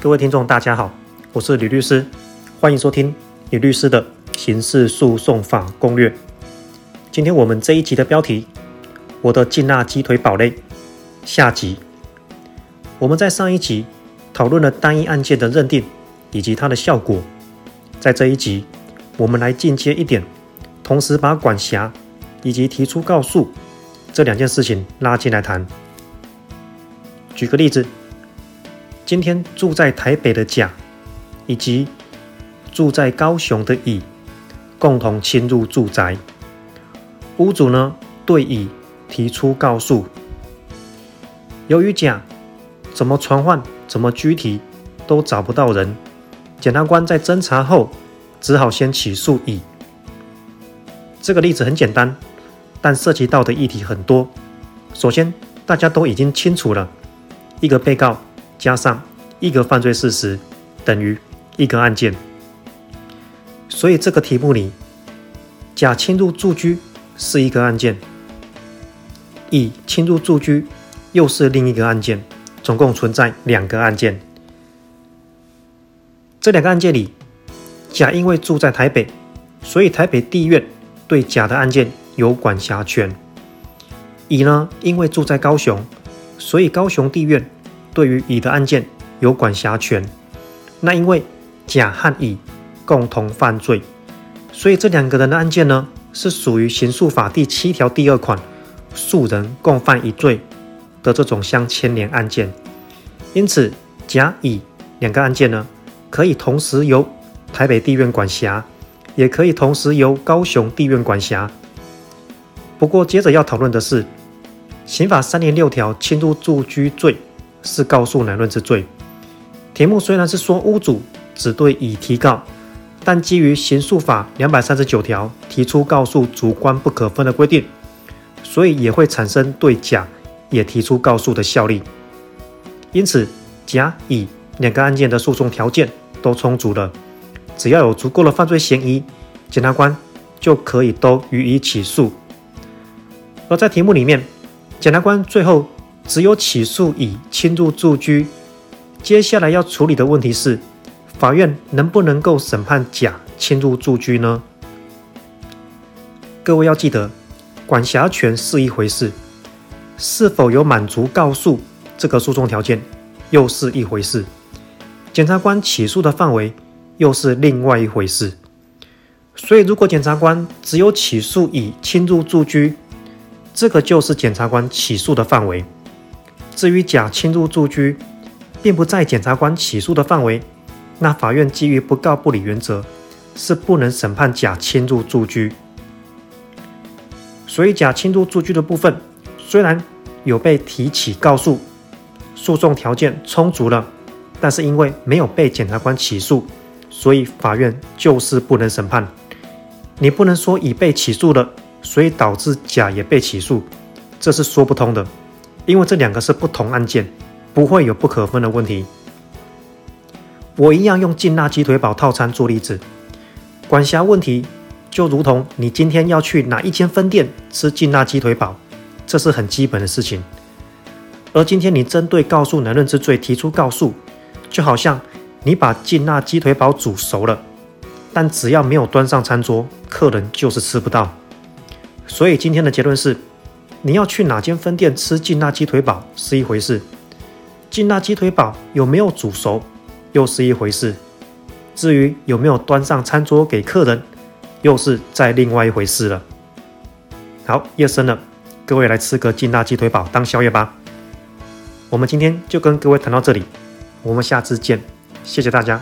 各位聽眾，大家好，我是呂律師，歡迎收聽呂律師的《刑事訴訟法攻略》。今天我們這一集的標題《我的勁辣雞腿堡勒？》，下集。我們在上一集討論了單一案件的認定以及它的效果，在這一集，我們來進階一點，同時把管轄以及提出告訴這兩件事情拉進來談。舉個例子。今天住在台北的甲，以及住在高雄的乙，共同侵入住宅。屋主呢，對乙提出告訴。由於甲怎麼傳喚、怎麼拘提都找不到人，檢察官在偵查後只好先起訴乙。這個例子很簡單，但涉及到的議題很多。首先，大家都已經清楚了，一個被告加上。一個犯罪事實等於一個案件，所以這個題目裡，甲侵入住居是一個案件，乙侵入住居又是另一個案件，總共存在兩個案件。這兩個案件裡，甲因為住在台北，所以台北地院對甲的案件有管轄權；乙呢，因為住在高雄，所以高雄地院對於乙的案件。有管轄權，那因為甲和乙共同犯罪，所以這兩個人的案件呢，是屬於刑訴法第七條第二款“數人共犯一罪”的這種相牽連案件，因此甲乙兩個案件呢，可以同時由台北地院管轄，也可以同時由高雄地院管轄。不過，接着要討論的是，刑法三零六條侵入住居罪是告訴乃論之罪。題目雖然是說屋主只對乙提告，但基於刑訴法兩百三十九條提出告訴主觀不可分的規定，所以也會產生對甲也提出告訴的效力。因此，甲乙兩個案件的訴訟條件都充足了，只要有足夠的犯罪嫌疑，檢察官就可以都予以起訴。而在題目裡面，檢察官最後只有起訴乙侵入住居。接下來要處理的問題是，法院能不能夠審判甲侵入住居呢？各位要記得，管轄權是一回事，是否有滿足告訴這個訴訟條件又是一回事，檢察官起訴的範圍又是另外一回事。所以，如果檢察官只有起訴乙侵入住居，這個就是檢察官起訴的範圍。至於甲侵入住居，並不在檢察官起訴的範圍，那法院基於不告不理原則，是不能審判甲侵入住居。所以甲侵入住居的部分雖然有被提起告訴，訴訟條件充足了，但是因為沒有被檢察官起訴，所以法院就是不能審判。你不能說乙被起訴了，所以導致甲也被起訴，這是說不通的，因為這兩個是不同案件。不會有不可分的問題。我一樣用勁辣雞腿堡套餐做例子，管轄問題就如同你今天要去哪一間分店吃勁辣雞腿堡，這是很基本的事情。而今天你針對告訴乃論之罪提出告訴，就好像你把勁辣雞腿堡煮熟了，但只要沒有端上餐桌，客人就是吃不到。所以今天的結論是，你要去哪間分店吃勁辣雞腿堡是一回事。勁辣雞腿堡有沒有煮熟，又是一回事；至於有沒有端上餐桌給客人，又是在另外一回事了。好，夜深了，各位來吃個勁辣雞腿堡當宵夜吧。我們今天就跟各位談到這裡，我們下次見，謝謝大家。